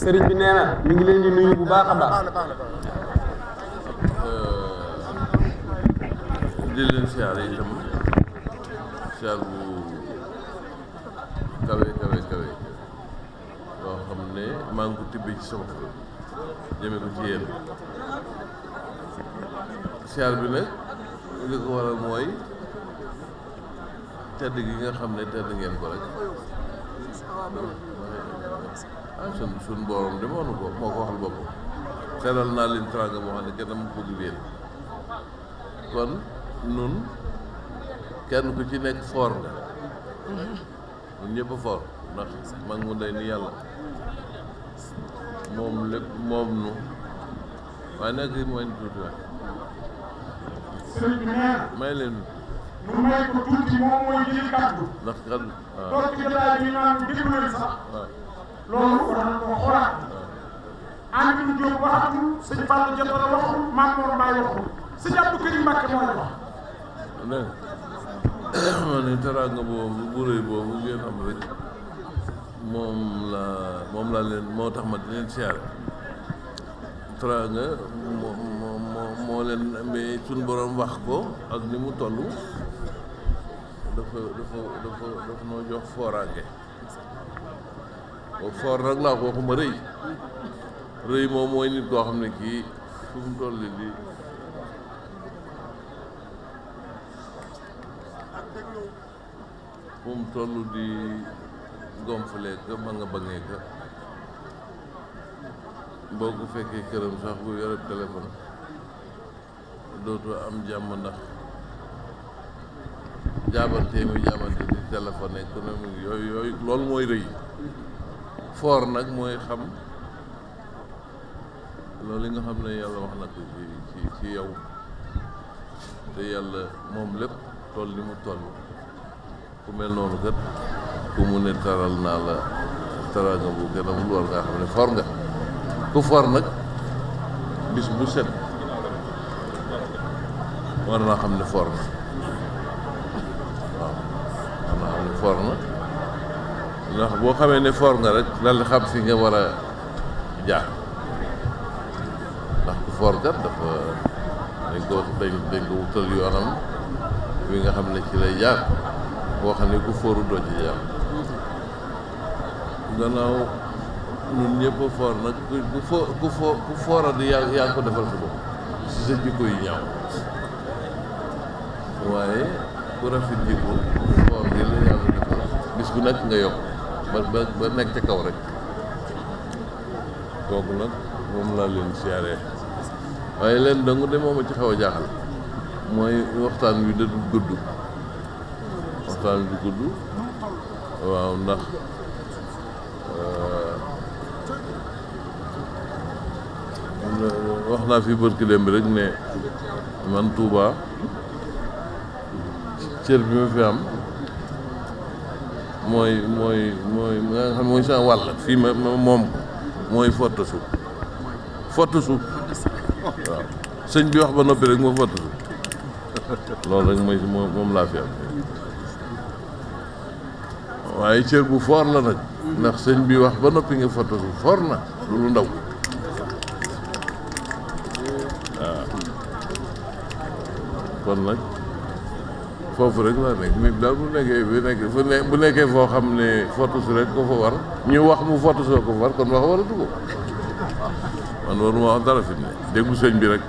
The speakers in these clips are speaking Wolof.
sëriñ bi nee na mi ngi leen di bu baax a baax. Euh, di leen siyaare itam siyaar bu kawe kawe kawe loo xam ne maa ngi ko ci sama xol jëme ko ci yéen siyaar bi nag li ko waral mooy tedd gi nga xam ne tedd ngeen ko rek. Ah, suñ borom de moo ko moo ko waxal boppam xelal naa leen teraanga moo xam ne kenn mu kon nun kenn ku ci nekk foor nga ñun ñëpp foor ndax mag mu day ni yàlla moom lépp moom nu waaye nekk yi mooy tuuti waay sëriñ bi may leen nu may ko tuuti moom mooy jëli kàddu ndax kàddu waaw toog ci jotaay bi naan déglu leen sax waaw ah. loolu war na koo xoolaat Antoine Diop waxatul sëñ Fallou Diatara waxul Mame Mor Mbaye waxul man ni teraanga boobu bu rëy boobu ngeen moom la moom laa leen moo tax ma di leen siyaare teraanga moo moo moo leen mais suñu borom wax ko ak ni mu toll dafa dafa dafa dafa noo jox fooraange. kooku foor nag laa ko waxuma rëy rëy moom mooy nit koo xam ne kii fu mu toll di gonflee ka ma nga baŋee boo ko fekkee këram sax bu yore téléphone dootoo am jàmm ndax jaabante muy jaabante di téléphone ekonomi yooyu yooyu loolu mooy rëy foor nag mooy xam loolu li nga xam ne yàlla wax na ko ci ci yow yàlla moom lépp toll ni mu toll ku mel noonu kat ku mu ne taral naa la taraanga bu gën amul war ngaa xam ne foor nga ku foor nag bis bu set war naa xam ne foor na waaw xam ne foor na ndax boo xamee ne foor nga rek lan la xam si nga war a jaar ndax ku foor kat dafa dañ ko dañ dañ ko wutal yoonam wi nga xam ne ci lay jaar boo xam ne ku fooru doo ci jaar gannaaw di yaa yaa ko defal sa bopp si sa jikko yi ñaaw waaye ku rafet jikko foor gi yàlla defal bis bu nekk nga yokk ba ba ba nekk ca kaw rek kooku nag moom laa leen siyaaree waaye leen dangu de moom a ci xaw a jaaxal mooy waxtaan wi da gudd waxtaan bi gudd waaw ndax euh, wax naa fi bërki démb rek ne man Touba cër bi ma fi am mooy mooy mooy nga xam mooy sa wàll fii ma moom mooy fott suuf waaw sëñ bi wax ba noppi rek ma fott suuf rek mooy moom laa fi am waaye cër bu foor la nag ndax sëñ bi wax ba noppi nga fott suuf foor na lu ndaw kon nag foofu rek laa nekk nit daal bu nekkee bu nekkee foo xam ne fotusu rek ko fa war ñu wax mu fotusoo ko fa kon wax waratu ko man waruma wax dara fi ne déggu bi rek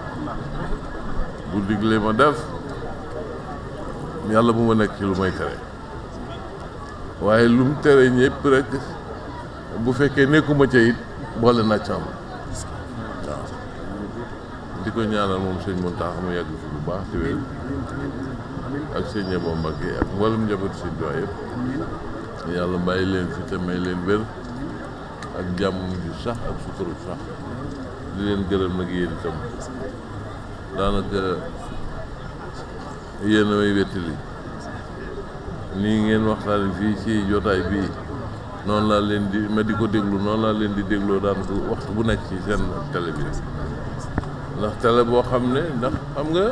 bu diglee ma def yàlla bu ma nekk ci lu may tere waaye lum mu tere ñëpp rek bu fekkee nekkuma ca it boole naa ca am waaw di ko ñaanal moom sëñ Mountakha mu yàgg fi bu baax ci wér ak sëñ Abo Mbacke ak mboolem njaboot sëñ Tuubaa yëpp yàlla bàyyi leen fi te may leen wér ak jàmm ju sax ak suturu sax di leen gërëm nag yéen itam daanaka yéen may wettali nii ngeen waxtaane fii ci jootaay bii noonu laa leen di ma di ko déglu noonu laa leen di dégloo daanaka waxtu bu nekk ci seen télé bi ndax télé boo xam ne ndax xam nga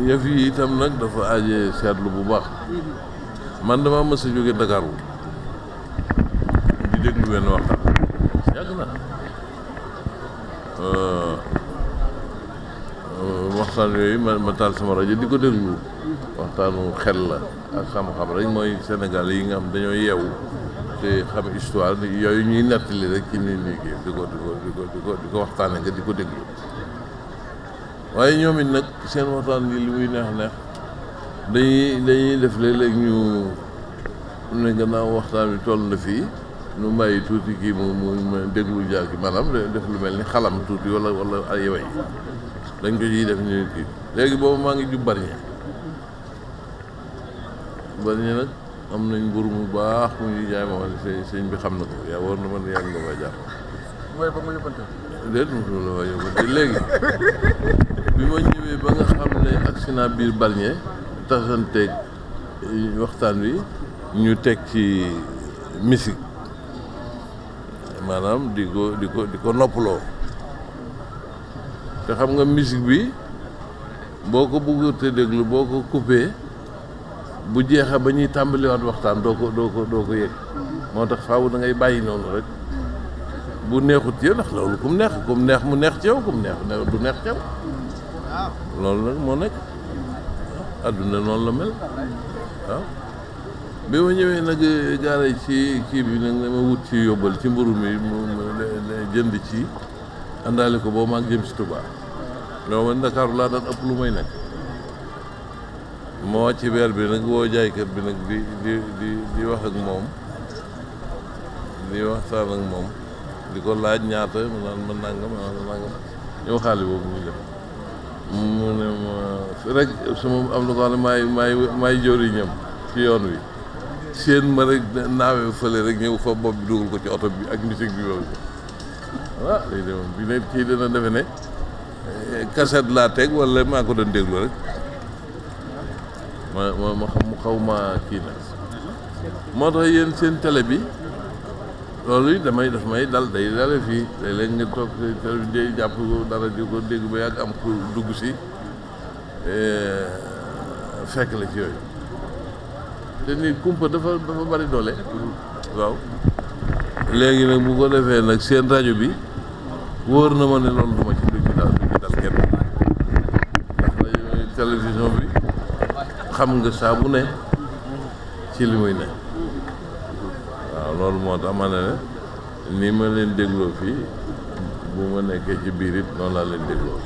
yëf yi itam nag dafa aajee seetlu bu baax man dama mës a jóge Dakar wu di déglu benn waxtaan yàgg na euh, euh, waxtaan yooyu ma ma taal sama rajo di ko déglu waxtaanu xel la ak xam-xam rek mooy Sénégal yi nga xam dañoo yeewu te xam histoire yooyu ñuy nettali rek ci nit ñi di ko di ko di ko di ko di ko waxtaane nga di ko déglu waaye ñoom it nag seen waxtaan bi li muy neex neex dañuy dañuy def léeg-léeg ñu ne gannaaw waxtaan wi toll na fii nu bàyyi tuuti kii mu mu déglu jaaki maanaam def lu mel ni xalam tuuti wala wala ay way dañ ko ciy def ñu kii léegi boobu maa ngi jub bariñe bariñe nag am nañ mburu mu baax mu ñuy jaay ma wax ne bi xam na ko yaa war na mën yàgg nga ma déet mosul léegi bi ma ñëwee ba nga xam ne accident biir Bargny tasanteeg waxtaan wi ñu teg ci musique maanaam di ko di ko di ko noppaloo te xam nga musique bi boo ko bëggatee déglu boo ko coupé bu jeexee ba ñuy tàmbaliwaat waxtaan doo ko doo ko doo ko yëg moo tax faaw dangay bàyyi noonu rek. bu neexut yow ndax loolu kum neex mu neex mu neex ci yow mu neex du neex ci yow loolu nag moo nekk àdduna noonu la mel waaw bi ma ñëwee nag eh, jaare ci kii bi nag dama wut ci yóbbal ci mburu mi mu jënd ci àndaale ko boo maag jëm si Tuubaa loolu man Ndakaaru laa daan ëpp lu may nekk moo ci weer bi nag woo jaaykat bi nag di di di di wax ak moom di waxtaan ak moom di ko laaj ñaata mu naan ma nangam ma naan ma nangam yow xaalis boobu muy def mu ne ma rek sama am na ko xam ne maay maay maay jëriñam ci yoon wi seen ma rek naawee fële rek ñëw fa bopp bi dugal ko ci oto bi ak musique bi loolu bi ne kii dana defe ne eh, cassette laa teg wala maa ko doon déglu rek ma ma ma xam xaw ma kii nag moo tax yéen seen télé bi. loolu it damay def may dal day dale fii léeg-léeg nga toog day jàpp dara di ko dégg ba yàgg am ku dugg si eh, fekk la ci yooyu te nit kumpa dafa dafa bari doole waaw léegi nag bu ko defee nag seen rajo bi wóor na ma ne loolu duma ci du ci dal du dal kenn ndax rajo télévision bi xam nga saa bu ne ci li muy ne loolu moo tax ma ne ni ma leen dégloo fii bu ma nekkee ci biir it noonu laa leen dégloo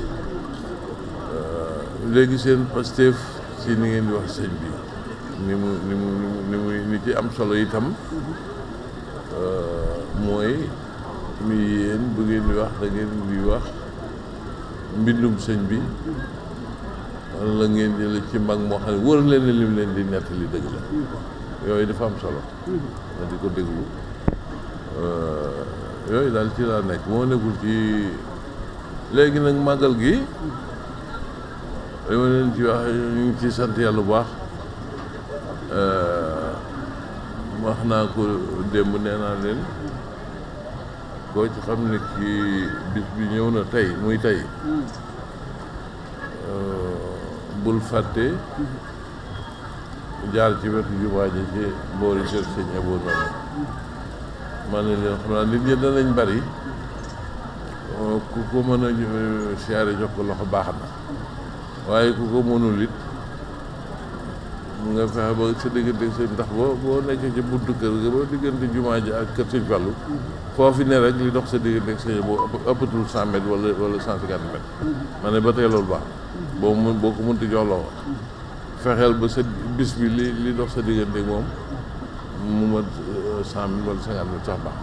euh, léegi seen Pastef si ni ngeen di wax sëñ bi ni mu ni mu ni mu ni ci am solo itam euh, mooy mi yéen bu ngeen di wax da di wax mbindum sëñ bi wala ngeen jële ci mag moo xam ne wër leen ne lim leen di nettali dëgg la yooyu dafa am solo nga di ko déglu euh, yooyu daal ci laa nekk moo nekkul ci léegi nag màggal gi li ma leen ci wax ñu ngi ci sant yàlla bu baax euh, wax naa ko démb nee naa leen koo ci xam ne ci bis bi ñëw na tey muy tey mm. euh, bul fàtte jaar ci wetu jumaa ji ci boori kër sëñ Abou Noor man ne leen xam naa nit ñi danañ bari ku ko mën a siyaare jox ko loxo baax na waaye ku ko mënul it nga fexe ba sa diggante sëñ ndax boo boo nekkee ci buntu kër ga ba diggante jumaa ji ak kër sëñ Fallou foofu ne rek li dox sa diggante ak sëñ boo ëppatul cent mètres wala wala cent cinquante mètres ma ba tey loolu baax boo mun boo ko mënti jox loxo fexeel ba sa bis bi li li dox sa diggante moom mu mat euh, cent mille wala cinquante mille sax baax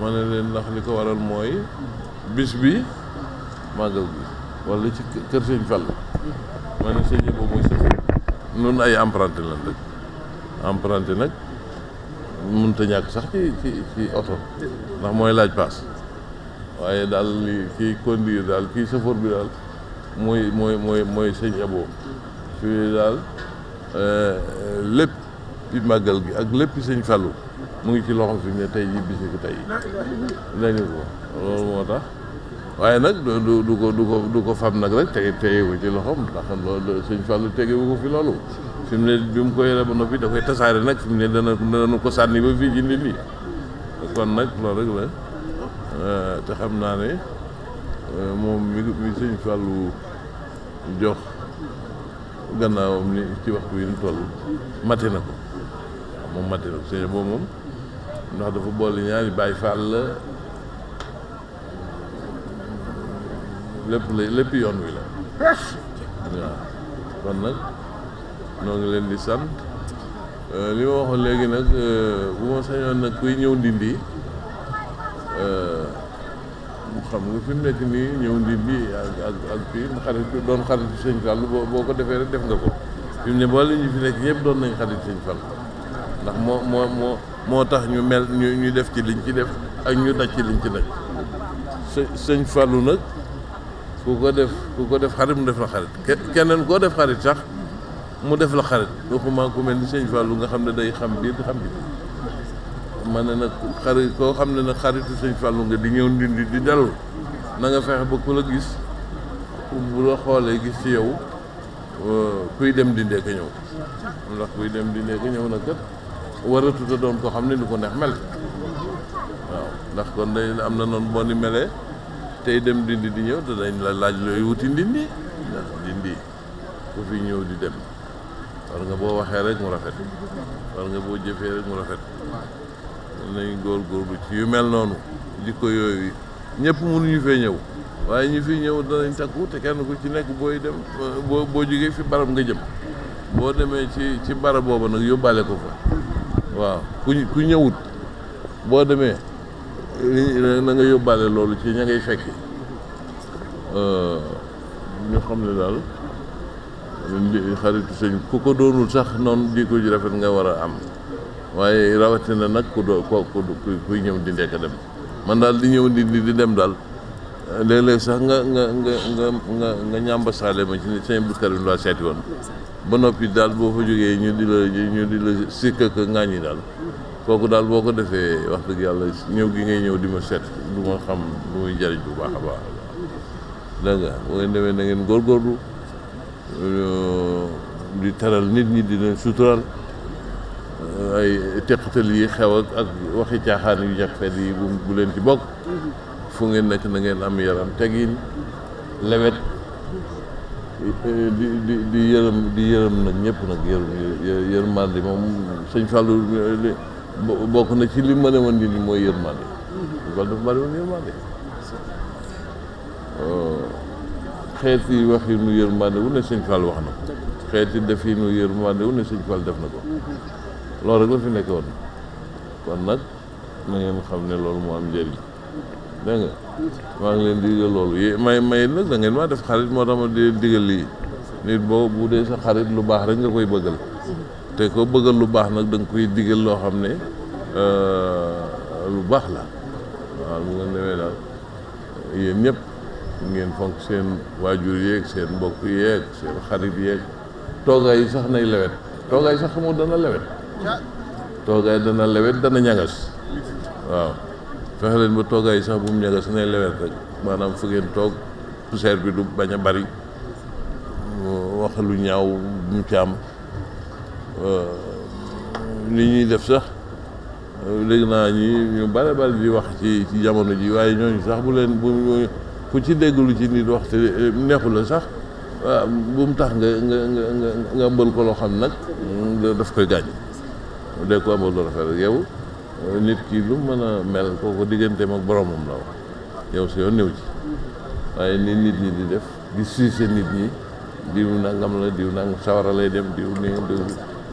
ma ne leen ndax li ko waral mooy bis bi màggal bi wala ci kër sëñ Fall ma ne sëñ boobu mooy sëñ noonu ay emprunté lan nag mënut ñàkk sax ci ci ci oto ndax mooy laaj paas waaye daal li kiy conduire daal kii chauffeur bi daal mooy mooy mooy mooy sëñ fii daal euh, euh, lépp ci màggal gi ak lépp sëñ Fallou mu ngi ci loxo fi ne tey jii bis ko tey nañu ko loolu moo tax waaye nag du du ko du ko du ko fam nag rek te tege ko ci loxoom ndax loolu sëñ Fallou tegewu ko fi loolu fi mu ne bi ko yore ba noppi da tasaare nag fi ko sànni ba fii kon nag loolu rek la euh, te xam naa ne moom mi mi sëñ jox gannaawam ni ci waxtu wi ni toll mate na ko waaw moom mate na ko sëñ boobu moom ndax dafa boole ñaari Baay Faal la lépp lépp yoon wi la waaw kon nag noo ngi leen di sant euh, li ma waxoon léegi nag euh, bu ma sañoon nag kuy ñëw ndindi euh, xam nga fi mu nekk nii ñëw ndi bii ak ak ak fii xarit doon xarit sëñ Fall boo boo ko defee rek def nga ko fi mu ne boole ñu fi nekk ñëpp doon nañ xarit sëñ Fall ndax moo moo moo moo tax ñu mel ñu ñu def ci liñ ci def ak ñu daj ci liñ ci daj sëñ Fallu nag ku ko def ku ko def xarit mu def la xarit keneen koo def xarit sax mu def la xarit waxuma ku mel ni sëñ Fallu nga xam ne day xam biir di xam bi ma ne nag xarit koo xam ne nag xaritu sëñ Fallou nga di ñëw ndindi di dal na nga fexe ba ku la gis bu la xoolee gis ci yow euh, kuy dem dindee ko ñëw ndax kuy dem dindee ko ñëw nag kat waratuta doon koo xam ne ni ko neex mel waaw ndax kon day am na noon boo ni melee tey dem dindi di ñëw te la laaj looy wuti ndindi ndax dindi ku fi ñëw di dem war nga boo waxee rek mu rafet war nga boo jëfee rek mu rafet góor góorgóorlu ci yu mel noonu jikko yooyu ñëpp mënuñu fee ñëw waaye ñu fi ñëw danañ takku te kenn ku ci nekk booy dem boo boo jógee fi barab nga jëm boo demee ci ci barab booba nag yóbbaale ko fa waaw ku ku ñëwut boo demee na nga yóbbaale loolu ci ña ngay fekki euh, ñu xam ne daal xaritu sëñ ku ko doonul sax noonu di ko ji rafet nga war a am waaye rawatina nag ku do ku kuy ñëw di ndekk dem man daal di ñëw di di dem daal léeg-léeg sax nga nga nga nga nga nga ñàmba saale ma ci sëñ Abdou Karim laa seeti woon ba noppi daal boo fa jógee ñu di la ñu di la sikk ak ŋaañi daal kooku daal boo ko defee wax dëgg yàlla ñëw gi ngay ñëw di ma seet du ma xam lu muy jariñ bu baax a baax dégg nga bu ngeen demee na ngeen góorgóorlu di teral nit ñi di leen suturaal ay teqatal yi xew ak ak waxi caaxaan yu ñàkk fet yi bu bu leen ci bokk fu ngeen nekk na ngeen am yaram tegin lewet di di yërëm di yërëm nag ñëpp nag yërëm yërmande moom sëñ Fallou bokk na ci li mën a woon nit ñi mooy yërmande sëñ Fallou dafa bari woon yërmande oh, xeeti wax yi nu yërmande wu ne sëñ wax na ko xeeti def yi nu yërmande wu ne sëñ Fall def na ko loolu rek la fi nekkoon kon nag na ngeen xam ne loolu moo am njëriñ dégg ngi leen di digal loolu yé may may nag da ngeen maa def xarit moo tax ma di digal lii nit boo bu dee sa xarit lu baax rek nga koy bëggal te ko bëggal lu baax nag da nga koy digal loo xam ne euh, lu baax la waaw mu ngeen demee daal yéen ñëpp ngeen fonk seen waajur yeeg seen mbokk yeeg seen xarit yeeg toogaay yi sax nay lewet toogaay sax moo dana lewet toogaay dana lewet dana ñagas waaw fexe leen ba toogaay sax bu mu ñagas nay lewet rek maanaam fu ngeen toog poussière bi du bañ a bari wax lu ñaaw mu ci am li ñuy def sax léegi naa ñi ñu bare bare di wax ci ci jamono ji waaye ñooñu sax bu leen bu ku ci dégglu ci nit wax te neexu la sax waaw bu mu tax nga nga nga nga mbël ko loo xam nag daf koy gaañ de ko amal lu rafet yow nit ki lu mën a mel kooku digganteem ak boromam la wax yow si yoon néew ci waaye ni nit ñi di def di suise nit ñi diw nangam la diw nangam sawara lay dem diw ni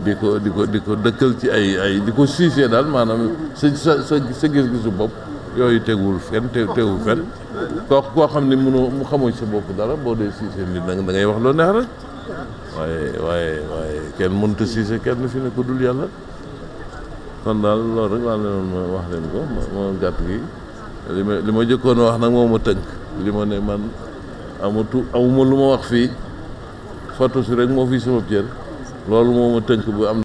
di ko di ko di ko dëkkal ci ay ay di ko suise daal maanaam sa sa sa gis-gisu bopp yooyu teguwul fenn te teguwul fenn koo xam ne mënoo mu xamoo sa bopp dara boo dee siise nit nag da ngay wax loo neex rek waaye waaye waaye kenn mënta siise kenn fi ne ko dul yàlla kon daal loolu rek laa leen ma wax leen ko moom gàtt gi li ma li ma jëkkoon wax nag moo ma tënk li ma ne man amatu amuma lu ma wax fii foto si rek moo fii sama cër loolu moo ma tënk bu am